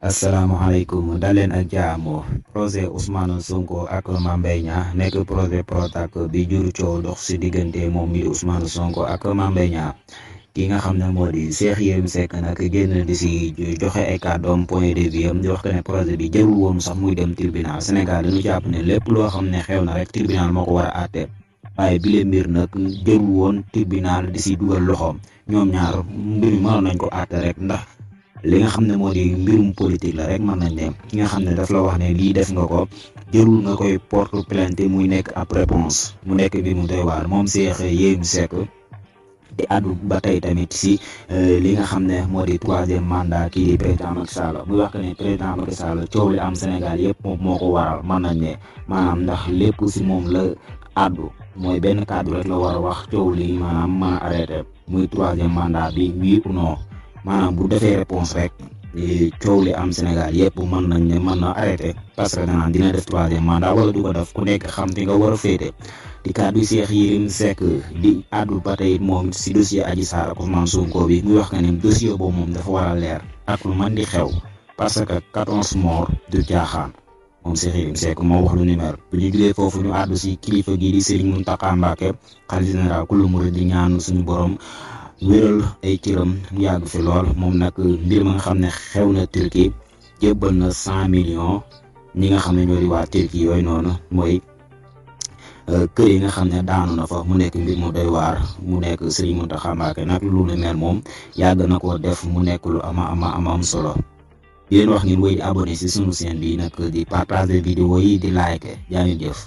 asalaamaaleykum daleen ak jaamu projet Ousmane Sonko ak Mame Mbaye Niang nekk projet Prodac bi jur coow dox si diggante moom mi Ousmane Sonko ak Mame Mbaye Niang ki nga xam ne moo di Cheikh Yérim Seck nag génn di joxe ay kàddoom point de vue di wax projet bi jarul woon sax muy dem tribunal Sénégal dañu jàpp ne lépp loo xam ne xew na rek tribunal moo ko war a àtte waaye bile mbir nag jarul woon tribunal disi si dugal loxoom ñoom ñaar mbir mi mënoon nañ ko àtte rek ndax. li nga xam ne moo di mbirum politique la rek mën nañ ne ki nga xam ne daf la wax ne lii def nga ko jërul nga koy porte plainte muy nekk ab réponse mu nekk bi mu doy waar moom seexee Cheikh Yérim Seck di àddu ba tey tamit si euh, li nga xam ne moo di troisième mandat ki di président Macky wax président Macky Sall coow li am Sénégal yëpp moo ko waral mën nañ ne maanaam ndax lépp si moom la àddu mooy benn kàddu rek la war wax coow li maanaam mën a muy troisième mandat bi oui maanaam bu defé réponse rek ni ciow li am Sénégal yépp man nañ né man na arrêté parce que danaan dina def troisième mandat wala du ko def ku nekk xam te nga wara fété féete di kàddu Cheikh yirim Seck di àddu batay mom ci dossier Adji Sarr ak Ousmane Sonko bi muy wax que ne dossier bo mom dafa wara lèr ak lu man di xew parce que 14 morts de caaxaan mom Cheikh yirim Seck mo wax lu ni mel bu ñu jugee fofu ñu àddu ci kilifa gi di Serigne muntaka mbake xalifa général kullu di ñaanu suñu borom. wéral ay cëram mu yàgg fi lool moom nag mbir ma nga xam ne xew na Turquie jébbal na cent millions ñi nga xam ne ñoo di waa Turquie yooyu noonu mooy euh, kër yi nga xam ne daanu na fa mu nekk mbir mu day waar mu nekk Serigne Mountakha Mbacké nag lu lu mel moom yàgg na ko def mu nekk lu ama ama ama am solo di wax ngeen wéy di abonné si sunu chaîne bi nag di partager vidéo yi di like jaa jëf